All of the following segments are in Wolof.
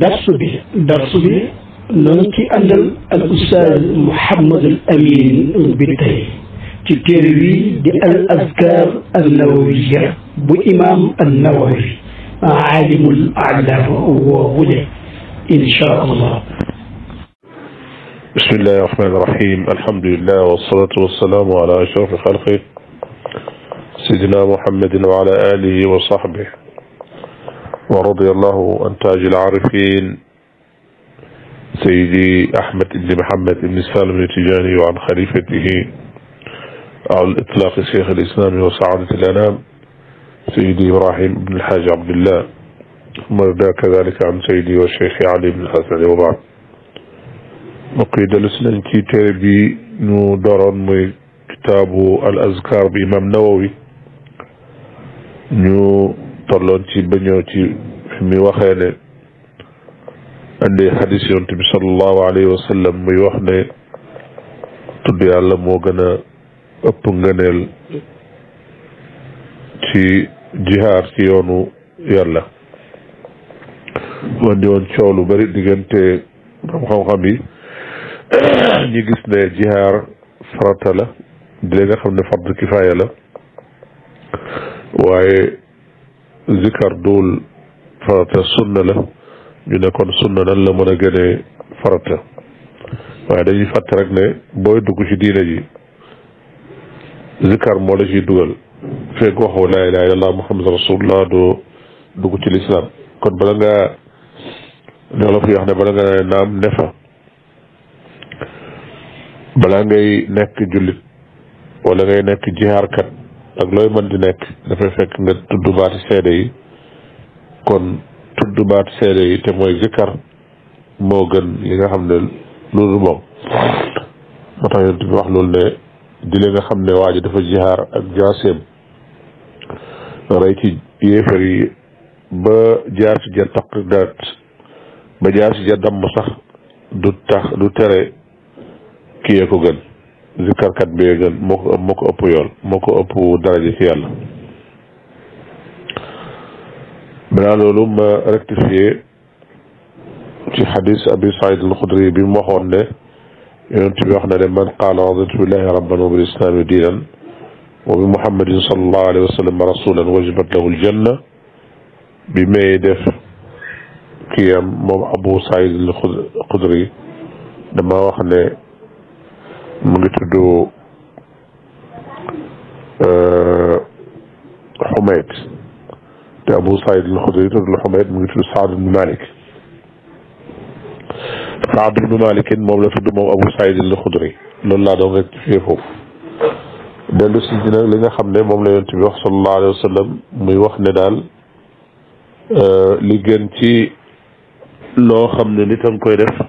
درس به درس به noonu ci àndal al ustaaz Mouhamad al Amin bi tey ci téere wi di al azkar al nawawiya bu imaam al nawawi aalimul aalam woowule incha allah. bismillahi rahmaani rahiim alhamdulillah wasalaatu wasalaamu ala ashrafi xalqi sidina Muhammadin wa ala alihi wa sahbihi ورضي الله عن تاج العارفين سيدي أحمد بن محمد بن سالم التجاني وعن خليفته على الإطلاق شيخ الإسلام وسعادة الأنام سيدي إبراهيم بن الحاج عبد الله ثم كذلك عن سيدي والشيخ علي بن الحسن وبعد مقيد الإسلام كي تربي نو درن كتاب الأذكار بإمام نووي نو تولون تي بنيو تي مي واخي ني اندي حديث يونتي صلى الله عليه وسلم مي واخني تود يالا مو غنا اوب غنيل تي جهار تي يونو يالا وندي اون تشولو بري ديغنتي خام خام خامي ني غيس ني جهار فرطلا دي ليغا خامني فرض كفايه لا waaye zikar duul farata sunna la ñu ne kon sunna nan la mën a gënee farata waaye dañuy fàtte rek ne booy dugg ci diine ji zikar moo la ciy dugal fekk waxoo laa ilaaha illallaah muhammad rasulullah doo dugg ci lislaam kon bala ngaa ne la fi wax ne bala nga ne naam ne fa balaa ngay nekk jullit wala ngay nekk jihaarkat ak looy mën di nekk dafay fekk nga tudd baati seede yi kon tudd baati seede yi te mooy zikkar moo gën li nga xam ne loolu moom moo tax yonent bi wax loolu ne di li nga xam ne waa ji dafa jihaar ak jaaseem rey ci yéefar yi ba jaar ci ja taq daat ba jaar ci ja damm sax du tax du tere kiyee ko gën zikkarkat bi gën moo ko moo ko ëpp yool moo ko ëpp daraja ci yàlla banaa loolu ma rectifié ci xadis abi saïd al xudri bi mu waxoon ne yonent bi wax na ne man qaala raditu billahi rabban wa bil islami diinan wa bi muhammadin salallahu alayhi wa sallam rasulan wajibat lahu aljanna bi may def kiyam moom abu saïd al xudri dama wax ne mu ngi tudd Xumayd euh, te Abu Saïd al-Xudri tuddul Xumayd mu ngi tudd Saad ibn Malik Saad ibn Malik moom la tudd moom Abu Saïd al-Xudri loolu laa doon rek fii foofu dellu li nga xam ne moom la yonent bi wax sallallahu alayhi wa sallam muy wax ne daal euh, li gën ci loo xam ne nit a koy def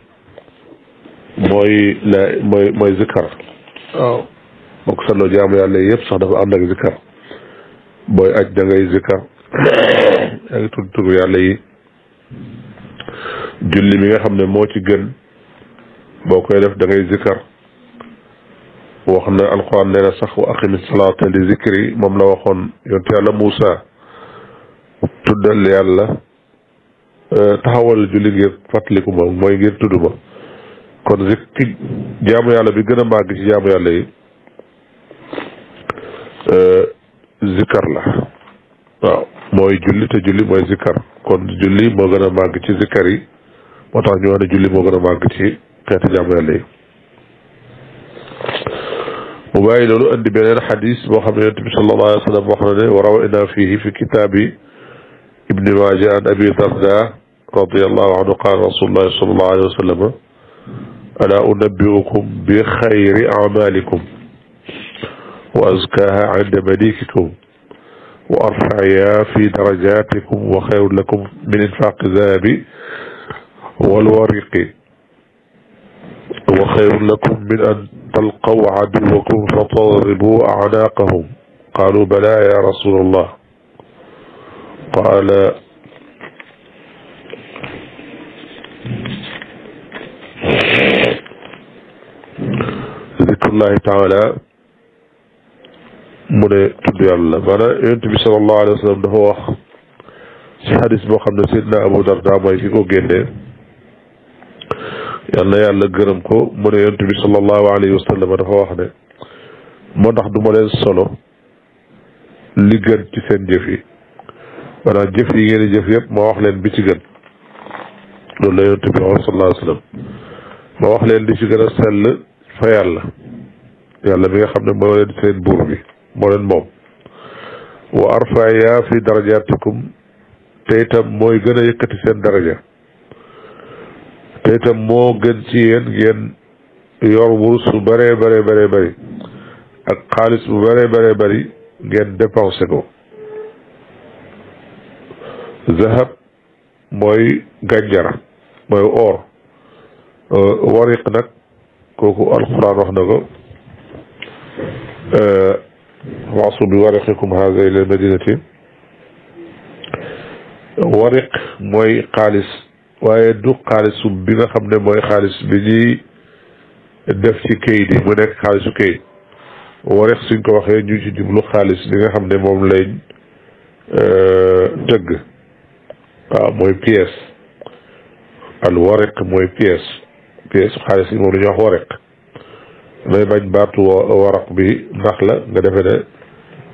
mooy la mooy mooy zikkar waaw boo ko seetloo jaamu yàlla yëpp sax dafa ànd ak zikkar booy aj da ngay yàlla yi julli mi nga xam ne moo ci gën boo koy def da ngay zikkar wax na alquran nee na sax wa aqimi salaata li zikri moom la waxoon yonte yàlla Moussa tuddal yàlla taxawal julli ngir fàttaliku ma mooy ngir tudd kon rikki jaamu yàlla bi gëna mag ci jaamu yàlla yi euh zikkar la waaw moy julli te julli moy zikkar kon julli moo gëna mag ci zikkar yi moo tax ñu wone julli moo gëna mag ci xet jaamu yàlla yi mu bàyyi lolu andi benen hadith bo xamne ne bi sallallahu alayhi wasallam sallam wax na ne wa rawaynaa fiihi fi kitaabi ibni maaja an abi darda عنه قال رسول الله صلى الله عليه وسلم ألا أنبئكم بخير أعمالكم وأزكاها عند مليككم وأرفعها في درجاتكم وخير لكم من إنفاق الذهب والورق وخير لكم من أن تلقوا عدوكم فتضربوا أعناقهم قالوا بلى يا رسول الله قال الله تعالى من تدعي الله فأنا ينتبه صلى الله عليه وسلم هو في حديث بخمد سيدنا أبو درداء ويكيكو جهد يعني يعني قرمكو من ينتبه صلى الله عليه وسلم هو أحد من أحد ملين صلو لغن تسين جفي فأنا جفي يغير جفي يب موحلين بيشغن لولا ينتبه صلى الله عليه وسلم موحلين بيشغن السل فيالله yàlla mi nga xam ne moo leen seen buur bi moo leen moom wa arfaya fi darajatikum te itam mooy gën a yëkkati seen daraja te itam moo gën ci yéen ngeen yor wurus bu bëree bëree bëree bëri ak xaalis bu bëree bëree bëri ngeen dépensé ko zahab mooy gànjara mooy or uh, wariq nag kooku alxuraan wax na ko آه وعصوا بورقكم هذا إلى المدينة ورق موي قالس waaye du xaalisu bi nga xam ne mooy xaalis bi ñuy def ci kayit yi mu nekk xaalisu kayit warex suñ ko waxee ñu ci jublu xaalis bi nga xam ne moom lañ tëgg waaw mooy pièce al wareq mooy pièce pièce xaalis bi moom la ñuy wax wareq day bañ baatu waraq bi nax la nga defee ne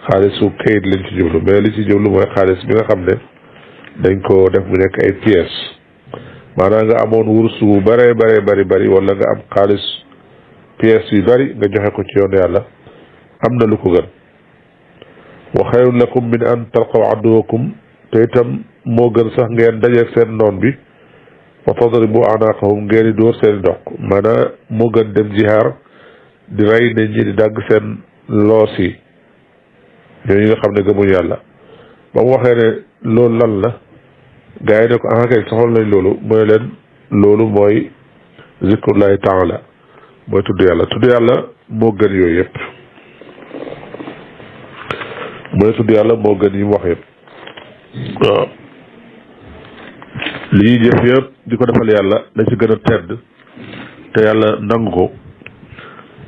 xaalisu kayit lañ ci jublu mais li ci jublu xaalis bi nga xam ne dañ ko def mu nekk ay pièces maanaam nga amoon wurus wu bëree bëree bëri bëri wala nga am xaalis pièces yu bëri nga joxe ko ci yoon yàlla am na lu ko gën wa xayrun lakum min an talqaw aduwakum te itam moo gën sax ngeen dajeeg seen noon bi wa tadribu anaqahum ngeen di dóor seen i doq maanaam moo gën dem jihaar di rey nit ñi di dagg seen loos yi ñoo ñi nga xam ne gëmuñu yàlla ba mu waxee ne loolu lan la gars yi ne ko ahakay soxal nañ loolu mu ne leen loolu mooy zikrullahi taala mooy tudd yàlla tudd yàlla moo gën yooyu yëpp mu ne tudd yàlla moo gën yi mu wax yëpp waaw li ñuy jëf yëpp di ko defal yàlla la ci gën a tedd te yàlla nangu ko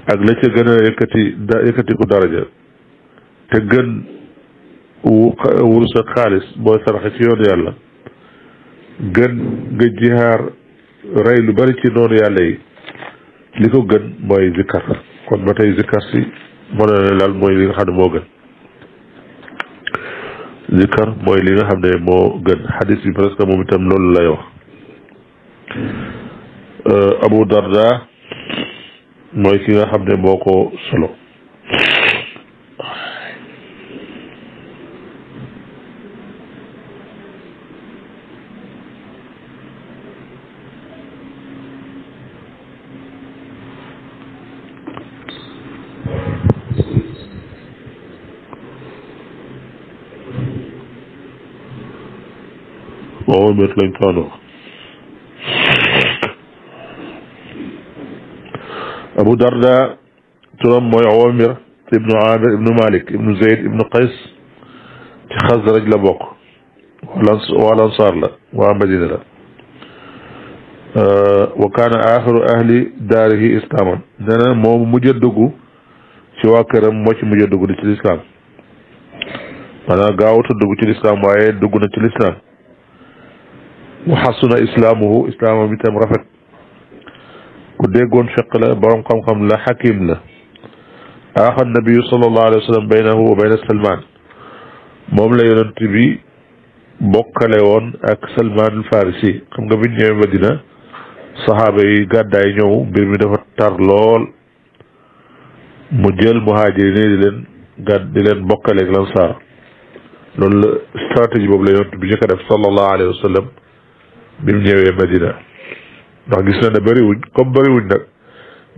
ak la ca gën a yëkkati da yëkkatiku daraja te gën wurus ak xaalis booy saraxe ci yoon yàlla gën nga jihaar rey lu bari ci noonu yàlla yi li ko gën mooy zikkar kon ba tey zikkar si mën na mooy li nga xam ne moo gën zikkar mooy li nga xam ne moo gën xadis bi presque moom itam loolu lay wax euh, Abu Darda mooy ki nga xam ne moo ko solo waaw wér lañ ko درداء ترم عوامر ابن عامر ابن مالك ابن زيد ابن قيس خزرج لبوك والأنصار له ومدينة له آه، وكان آخر أهل داره إسلاما دنا مو مجدقو سوى كرم موش مجدقو لتل الإسلام أنا قاوت دقو تل الإسلام وآيه دقو نتل الإسلام وحسن إسلامه إسلامه بتم رفت ku déggoon fiq la borom xam-xam la xakim la aaxa nabiyu sallallahu alayhi wa sallam baynahu wa bayna salman moom la yonent bi bokkale woon ak salman farisi xam nga biñ ñëwee madina saxaaba yi gàddaay ñëw mbir mi dafa tar lool mu jël muhaajiri ne di leen gàdd di leen bokkaleeg lansaar loolu la stratégie boobu la yonent bi njëkk a def sallallahu alayhi wa sallam bi mu ñëwee madina ndax gis na ne bëriwuñ comme bëriwuñ nag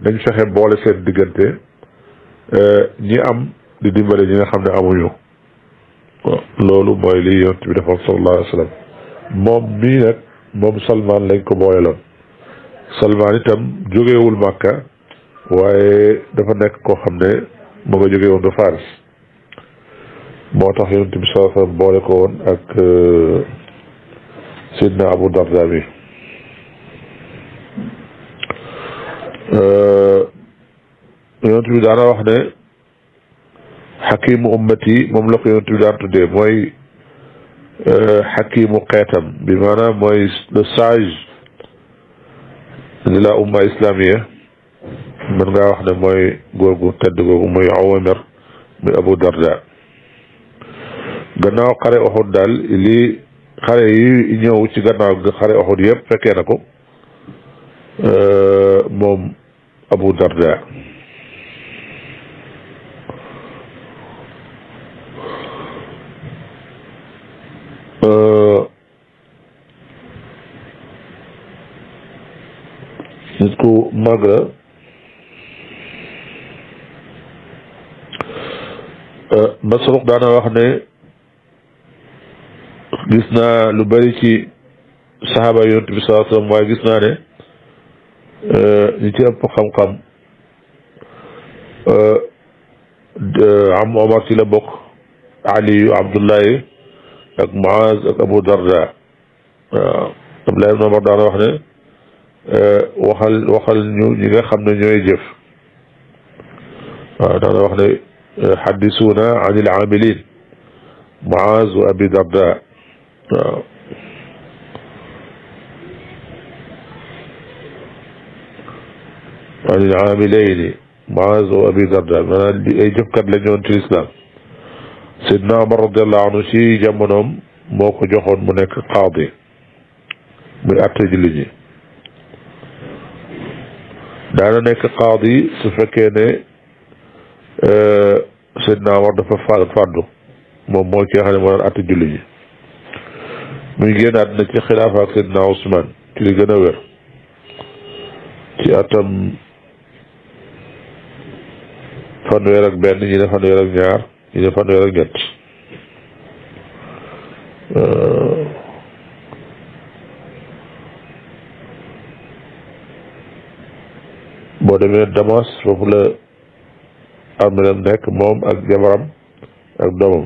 nañ fexe boole seen diggante euh, ñi am di dimbale ñi nga xam ne amuñu loolu mooy li yont bi dafa sallallahu alayhi wa sallam moom mii nag moom Salman ko booyaloon Salman itam jógewul Màkka waaye dafa nekk koo xam ne moo nga jóge woon ba Faris moo tax yont bi sallallahu alayhi boole ko woon ak euh, Sidna Abu Darda mi Euh, yonent bi daana wax ne xakimu ummati moom la ko yonent bi daan tuddee mooy xakimu euh, xeetam bi maanaam mooy le sage de la umma islamia mën ngaa wax ne mooy góor gu tedd googu muy Awaamir Abu Darda gannaaw xare Uhud daal lii xare yi ñëw ci gannaaw xare Uhud yëpp fekkee na ko Euh, moom Abu Darda euh, nit ku la euh, Masruq daana wax ne gis naa lu bari ci saxaaba yonent bi sallallahu alayhi wa sallam gis naa ne li ci ëpp xam-xam am Omar ci la bokk Aliyu Abdullahi ak Muaz ak Abu Darda waaw Abdullahi ibn Omar daana wax ne waxal waxal ñu ñi nga xam ne ñooy jëf waaw daana wax ne xaddisuuna an il amilin Muaz wa Abi Darda waaw عن العاملين معاذ وابي درداء من اي جفكر لجون في الاسلام سيدنا عمر رضي الله عنه شي جمنهم موكو جخون منك قاضي من اتجلني دانا نك قاضي سفكيني أه سيدنا عمر دفا فادو مو موكي هاني من اتجلني من جينا نتي خلافة سيدنا عثمان تلقنا وير في أتم fanweer ak benn ñi fanweer ak ñaar ñi fanweer ak ñett euh, boo demee Damas foofu la armelam nekk moom ak jabaram ak doomam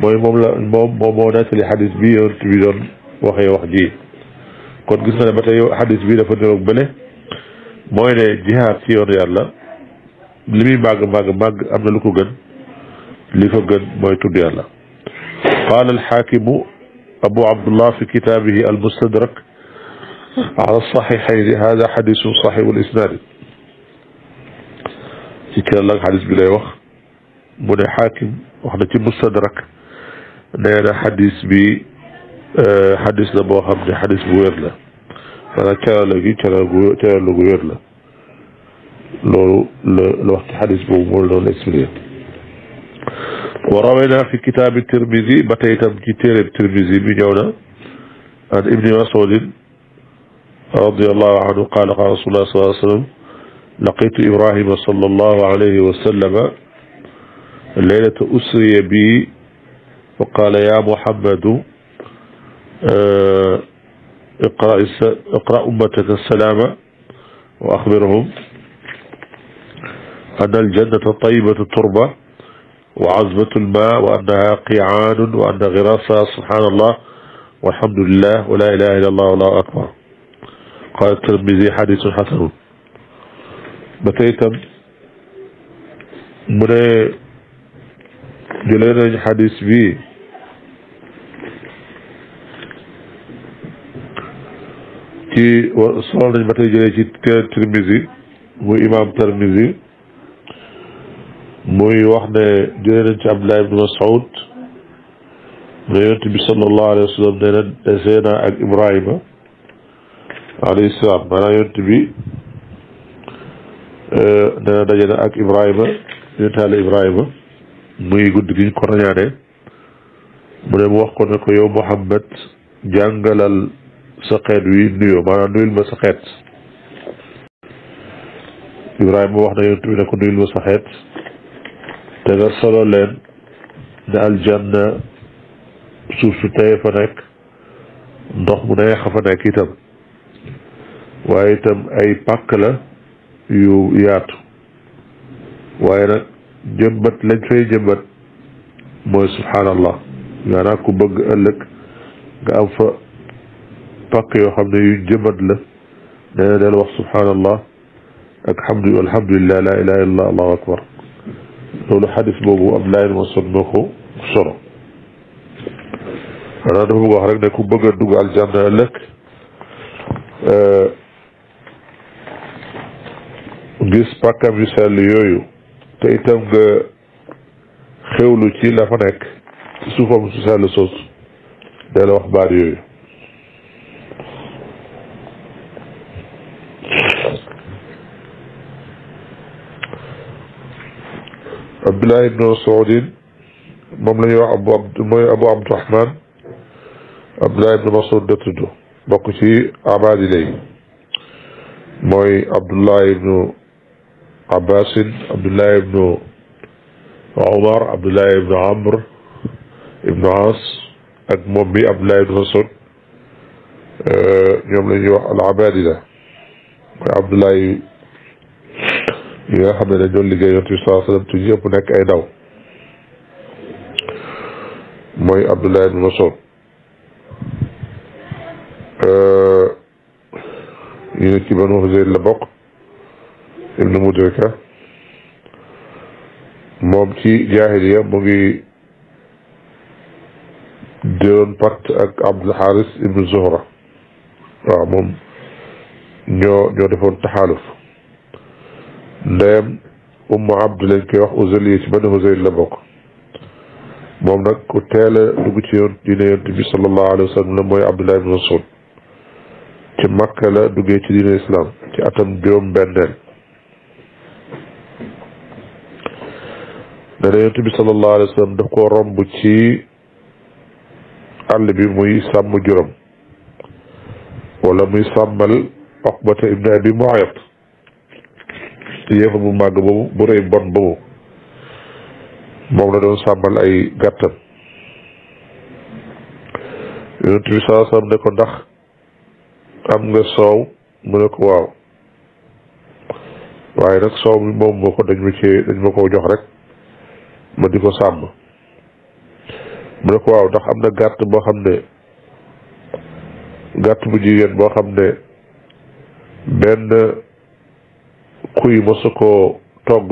moy mom la moom moom da ci hadith bi yor ci bi don waxe wax ji kon gis na batay hadith bi dafa niroog bële moy ne jihad ci yor yàlla limi bag bag bag amna lu ko gën li fa gën moy tuddu yàlla qaala alxaakimu abu abdullah fi kitaabihi almustadrak ala على hada هذا حديث صحيح الإسناد kër la xadis bi lay wax mu ne xaakim wax na نرى حديث بي حديث لبو حمد حديث بوير لا فلا كلا لغي كان لغوير لا لو لوحك حديث بو مولون اسمي وروينا في كتاب التربيزي بطيطة بكتير التربيزي بجونا عن ابن مسعود رضي الله عنه قال قال رسول الله صلى الله عليه وسلم لقيت إبراهيم صلى الله عليه وسلم الليلة أسري بي وقال يا محمد آه، اقرأ, اقرأ أمتك السلام وأخبرهم أن الجنة طيبة التربة وعذبة الماء وأنها قيعان وأن غراسها سبحان الله والحمد لله ولا إله إلا الله والله أكبر قال الترمذي حديث حسن متيتم من جلنا حديث بي كي وصل نجبتي جلنا كي ترمزي مو إمام ترمزي موي وحنا جلنا نجي عبد الله بن مسعود نيوتي بي صلى الله عليه وسلم نينا نسينا أك إبراهيم عليه السلام مانا يوتي بي نينا نجينا أك إبراهيم نيوتي على إبراهيم نيوتي على إبراهيم muy guddi giñ ko rañaane mu dem wax ko ne ko yow Muhammad jàngalal sa xeet wi nuyoo maanaam nuyul ma sa xeet Ibrahima wax na yonent bi ne ko nuyul ma sa xeet te nga solo leen ne aljanna suuf su tey fa nekk ndox mu neex fa nekk itam waaye itam ay pàkk la yu yaatu waaye nag jëmbët lañ fay jëmbat mooy subhaanallah maanaam ku bëgg ëllëg nga am fa yoo xam ne yu jëmbat la nee na del wax subhaanallah ak hamdu alhamdulilah laa ilaha illallah akbar loolu xadis boobu am laayeen ma son moo ko bëgg wax a dugg aljanna ëllëg euh, gis pàkkam yu yooyu te itam xewlu ci la fa nekk ci suufam su sell soosu day la wax yooyu abdullah moom la ñuy wax abu abd mooy abu abdourahman abdullah ibnu masoud ci abadi lay mooy abdullah ibnu عباس عبد الله بن عمر عبد الله بن عمرو ابن عاص اك مومبي عبد الله بن مسعود يوم لي العبادي ده عبد الله يا حمد الدول اللي جاي يوتي صلى الله عليه وسلم اي داو موي عبد الله بن مسعود ااا يوتي بنو هزيل لبقت ibnu Mudrika moom ci jaahiliya mu ngi doon pacte ak Abdul Haris ibnu Zuhra waaw moom ñoo defoon taxaaluf ndeyam Ummu Abdu lañ koy wax Uzayl yi ci Banu Uzayl la bokk moom nag ku teel a dugg yoon diine yonent bi sallallahu la mooy Abdullah ibn Mas'ud ci Makka la duggee ci diine atam juróom benneel dana yonent bi sallallahu alayhi wa sallam daf koo romb ci àll bi muy sàmm juróom wala muy sàmmal Uqbata ibn Abi Mu'ayt yéefa bu màgg boobu bu bon boobu moom la doon sàmmal ay gàttam yonent bi sallallahu ne ko ndax am nga soow mu ne ko waaw waaye nag soow bi moom moo ko dañ ma cee jox rek ma di ko sàmm mu ne ko waaw ndax am na gàtt boo xam ne gàtt bu jigéen boo xam ne benn kuy mosu koo togg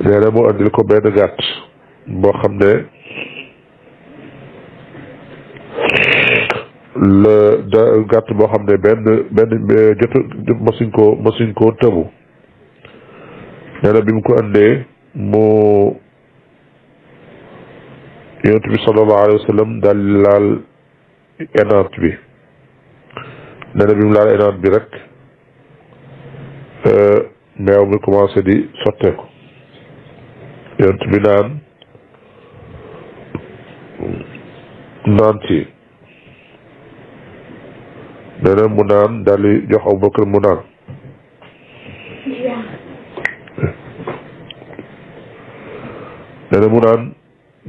nee mu andil ko benn gàtt boo xam ne la da gàtt boo xam ne benn benn jotu mosuñ koo mosuñ koo tëbu nee bi mu ko andee مو يوتي صلى الله عليه وسلم دلال انات بي نانا بيم لال انات بي رك ا ميو مي كومونسي دي سوتيكو يوتي بي نان نانتي نانا مو نان دالي جوخ ابو بكر مو نان dana mu naan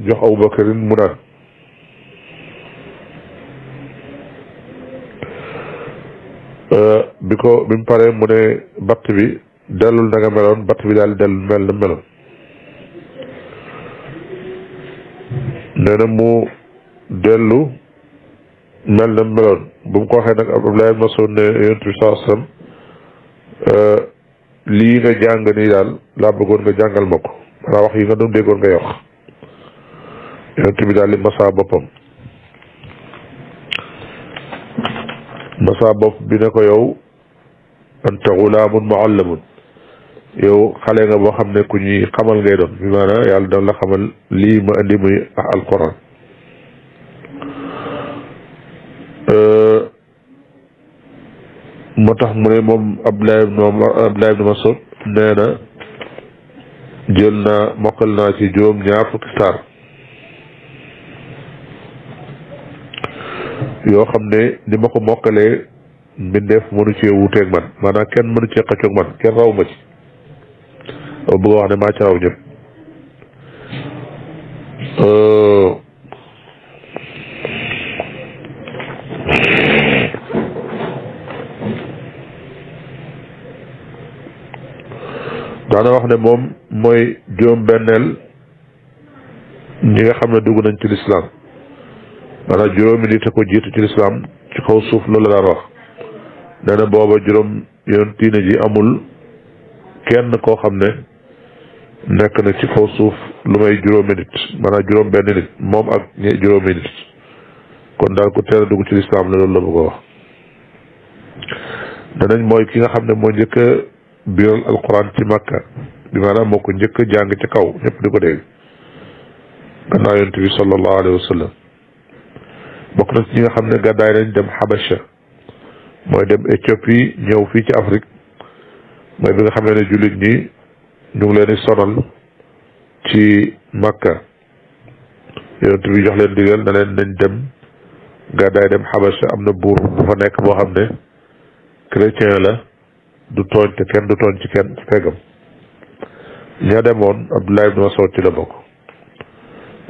jox Abubakarin mu naan bi ko bi mu paree mu ne batt bi dellul na nga meloon batt bi daal dellul mel na meloon nee na mu dellu mel na meloon bu mu ko waxee nag Abdoulaye Mas'ud ne yonent bi saa sam lii nga jàng nii daal laa bëggoon nga jàngal ma ko xanaa wax yi nga doon déggoon ngay wax yonent bi daal di boppam masaa bopp bi ne ko yow anta gulaamun muallamun yow xale nga boo xam ne ku ñuy xamal ngay doon bi maanaam yàlla daan la xamal lii ma indi muy moo tax mu ne moom Abdullah ibn Umar jël naa mokkal naa ci juróom ñaar fukki yoo xam ne ni ma ko mokkalee mbindeef mënu cee wuuteeg man maanaam kenn mënu cee xëccoog man kenn raw ci dama bëgg a wax ne maa ci raw ñëpp daana wax ne moom mooy juróom-benneel ñi nga xam ne dugg nañ ci lislaam maanaam juróomi nit a ko jiitu ci lislaam ci kaw suuf loolu la daan wax nee booba juróom yoon tiine ji amul kenn koo xam ne nekk na ci kaw suuf lu may juróomi nit maanaam juróom benn nit moom ak ñe juróomi nit kon daal ku teel a dugg ci lislaam la loolu la bëgg a wax danañ mooy ki nga xam ne moo njëkk a biiral alquran ci Makka bi maanaam moo ko njëkk a jàng ca kaw ñëpp di ko dégg gannaaw yonent bi sallallahu alayhi wa bokk na ci nga xam ne gàddaay nañ dem Habasha mooy dem Éthiopie ñëw fii ci Afrique mooy bi nga xamee ne jullit ñi ñu ngi leen di sonal ci Makka yonent bi jox leen digal na leen nañ dem gàddaay dem Habasha am na buur bu fa nekk boo xam ne chrétien la du tooñ te kenn du tooñ ci kenn ci peggam ña demoon Abdullah ibn Mas'ud ci la bokk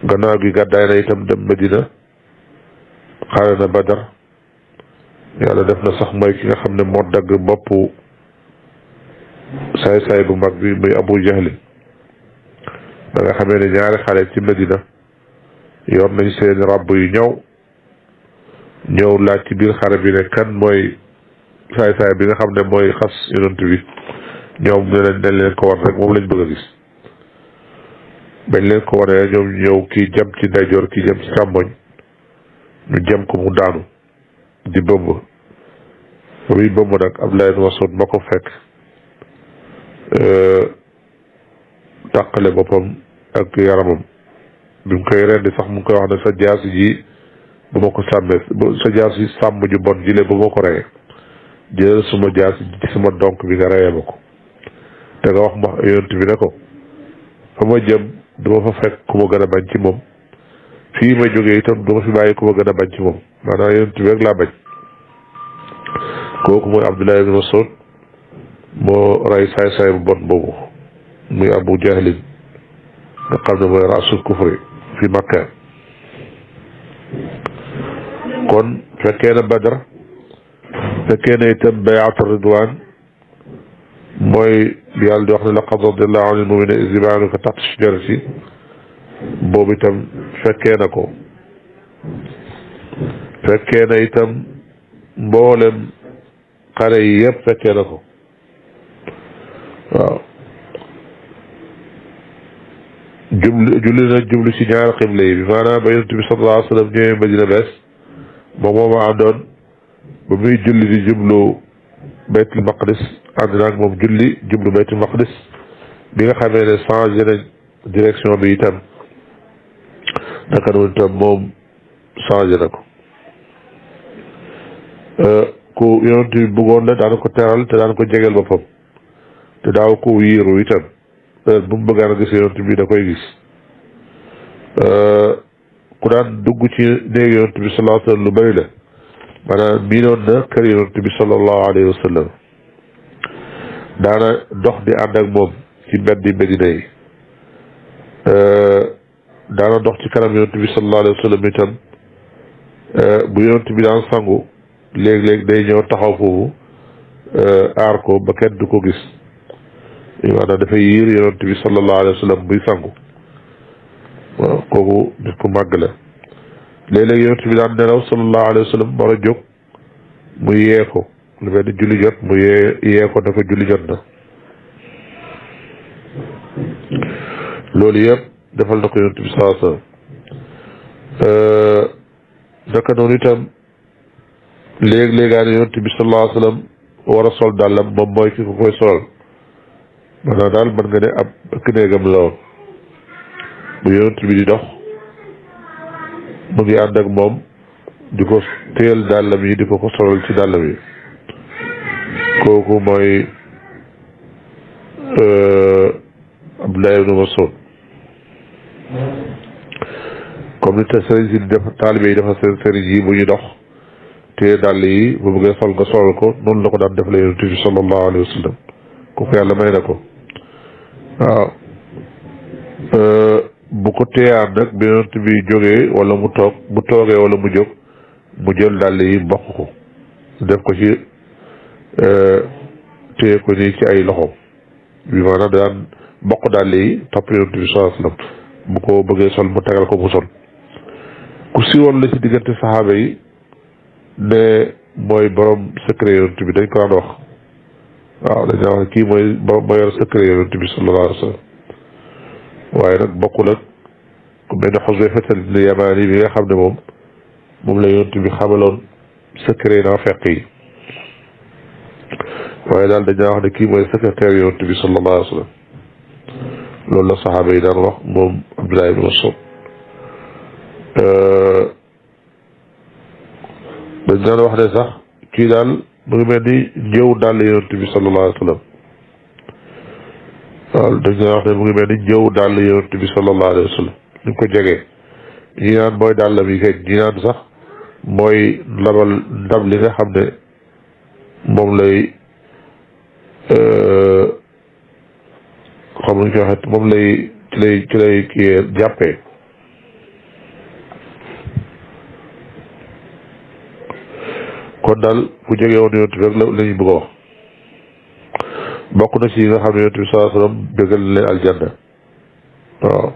gannaaw gi gàddaay na itam dem Medina xare na Badar yàlla def na sax mooy ki nga xam ne moo dagg boppu saay-saay bu mag bi muy Abu Jahl da nga xamee ne ñaari xale ci Medina yoon nañ seen ràbb yu ñaw ñëw laaj ci biir xare bi ne kan mooy saay-saay bi nga xam ne mooy xas yonent bi ñoom ne dañ leen ko war rek moom lañ bëgg a gis bañ leen ko waree ñoom ñëw ki jëm ci ndeyjoor kii jëm ci càmmoñ ñu jëm ko mu daanu di bëmb muy bëmb nag Abdullah ibn Mas'ud ma ko fekk euh, tàqale boppam ak yaramam bi mu koy rendi sax mu ngi koy wax ne sa jaas ji bu ma ko sàmmee sa jaas yi sàmm ju bon jile bu ma ko reyee jëlal suma jaas ji ci sama donk bi nga reyee ma ko te wax ma yonent bi na ko fa ma jëm du ma fa fekk ku ma gën a bañ ci moom fii ma jógee itam du ma fi bàyyi ku ma gën a bañ ci moom maanaam yonent bi rek laa bañ kooku mooy Abdullah ibn Mas'ud moo rey saay-saay bu bon boobu muy Abu Jahlin nga xam ne mooy rasul kufri fi Makka kon fekkee na Badar fekkee na itam bayaatu Ridwaan mooy بيال دي وخني لقد رضي الله عن المؤمن اذ بانك تحت الشجره بوبي تم فكينكو فكينا يتم بولم قري يب فكينكو جملنا جملة سنعال قبلي بمعنى بيرت بصدر الله صلى الله عليه وسلم جميع مدينة بس بموما عدن بمي جملة جملة baytul maqdis ànd naag moom julli jublu baytul maqdis bi nga xamee ne changé nañ direction bi tam naka noonu itam moom changé na ko euh, ku yonent bi bëggoon la daan ko teral te daan ko jegeel boppam te daaw ko yiiru itam bu mu bëggaan a gis yonent bi da koy gis euh, ku daan dugg ci néeg yonent bi sallallahu alayhi wa la maanaam miinoon na kër yonent bi sallallahu alayhi wa sallam daana dox di ànd ak moom ci mbedd Medina yi euh, daana dox ci kanam yonent bi sallallahu alayhi wa sallam itam euh, bu yonent bi daan sangu léeg-léeg day ñëw taxaw foofu euh, aar ko ba kenn du ko gis maanaam dafay yiir yonent bi sallallahu alayhi wa buy sangu kooku nit ku màgg la Lele léeg yonent bi daan nelaw sallallahu alayhi wa sallam war mu yee ko lu mel ni julli jot mu yee yee ko dafa julli jot na loolu yëpp defal na ko yonent bi saa sa naka noonu itam léeg-léegaan yonent bi sallallahu alayhi wa sallam war a sol dàllam moom mooy ki ko koy sol maanaam daal mën nga ne ab ëkk néegam la bu yonent bi di dox bëgg ànd ak moom di ko téyel dàllam yi di ko ko solal ci dàllam yi kooku mooy euh, Abdullah ibnu Mas'ud comme ni te sëriñ si def taalibe yi dafa seen sëriñ yi bu ñu dox téye dàll yi bu bëggee sol nga solal ko noonu la ko daan def la yonent bi sallallahu alayhi wa sallam kooku yàlla may na ko ko téyaar nag bi yonent bi jógee wala mu toog bu toogee wala mu jóg mu jël dàll yi mboq ko def ko ci e, téye ko nii ci ay loxo bi maanaam daan mboq dàll yi topp yonent bi sallallahu alayhi wasallam bu ko bëggee sol mu tegal ko mu sol ku won la ci diggante saxaaba yi ne mooy borom secret yonent bi dañ ko daan wax waaw dañ daan kii mooy borom secret yonent bi sallallahu alayhi waaye nag bokkul ak بين حزيفة اليماني بيا خبن مم مم لا ينتي بخبلون سكرين أفقي وإلى الدجاه نكيم ويسكر كاري ينتي صلى الله عليه وسلم لولا صحابي دار الله مم عبد الله بن مسعود بدنا واحد صح كي دال بغمدي جو دال ينتي صلى الله عليه وسلم قال دجاه بغمدي جو دال ينتي صلى الله عليه وسلم ñu ko jege ñi naan mooy dàll la kay ñi naan sax mooy labal ndam li nga xam ne moom lay euh, xam nañ ko waxee moom lay ci lay ci lay kii kon daal bu jege woon yonent bi la ñuy bëgg bokk na ci yi nga xam ne yonent bi sallallahu alayhi waaw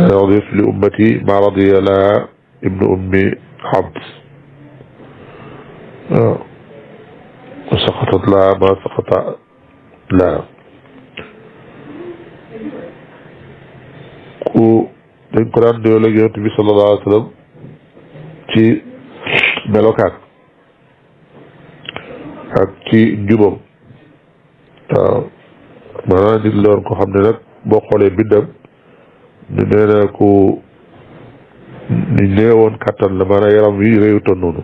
رضيت لأمتي ما رضي لها ابن أمي حمد آه. وسقطت لها ما سقط لها وإن قرآن ديو لك صلى الله عليه وسلم تي ملوكات حكي جبم آه. ما نعني اللي ونكو حمدنا بوقولي بدم du neena ku ni néewoon kàttan la maanaam yaram wi réyutoon noonu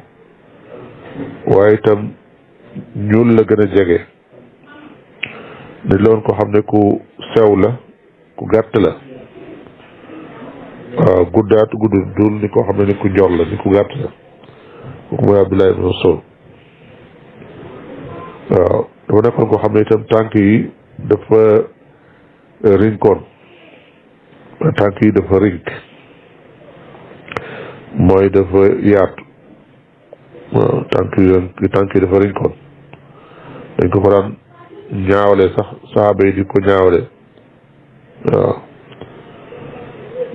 waaye itam ñuul la gën a jege dañ loon ko xam ne ku sew la ku gàtt la waaw guddaat guddul dul ni ko xam ne ni ku njor la ni ku gàtt la kooku mooy Abdullah ibn Mas'ud waaw dafa nekkoon ko xam ne itam tànk yi dafa rinkoon tànk yi dafa rëgg mooy dafa yaatu waaw tànk yi tànk yi dafa rëgg kon dañ ko ko daan ñaawale sax saxaaba yi di ko ñaawale waaw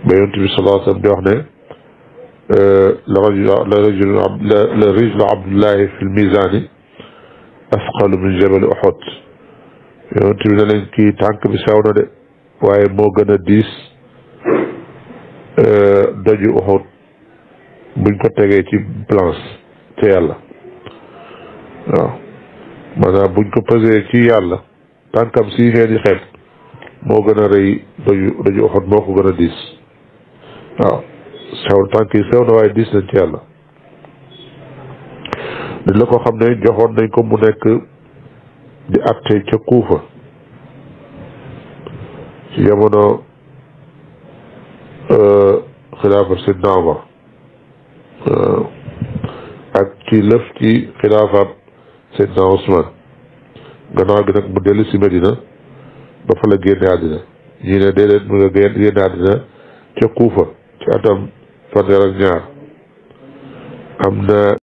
ba yonent bi sallallahu alayhi wasallam di wax ne la rajul la rajul la rijlu abdullahi fi lmisaani asqalu min jabal uhud yonent bi ne leen Euh, doju uxut buñ ko tegee ci balance ca yàlla waaw maanaam buñ ko pesee ci yàlla tànkam si ngeen di moo gën a rëy doju doju uxut moo ko gën a diis waaw sew tànk yi na waaye diis nañ ci yàlla dañ ko xam ne joxoon nañ ko mu nekk di atte ca kuufa jamono xilaafar sidna Omar ak ci lëf ci xilaafaab sidna Ousmane gannaaw gi nag mu dellu si Medina ba fa la génne àddina ñii ne déedéet mu nga génne àddina ca Kuufa ci atam fanweer ak ñaar am na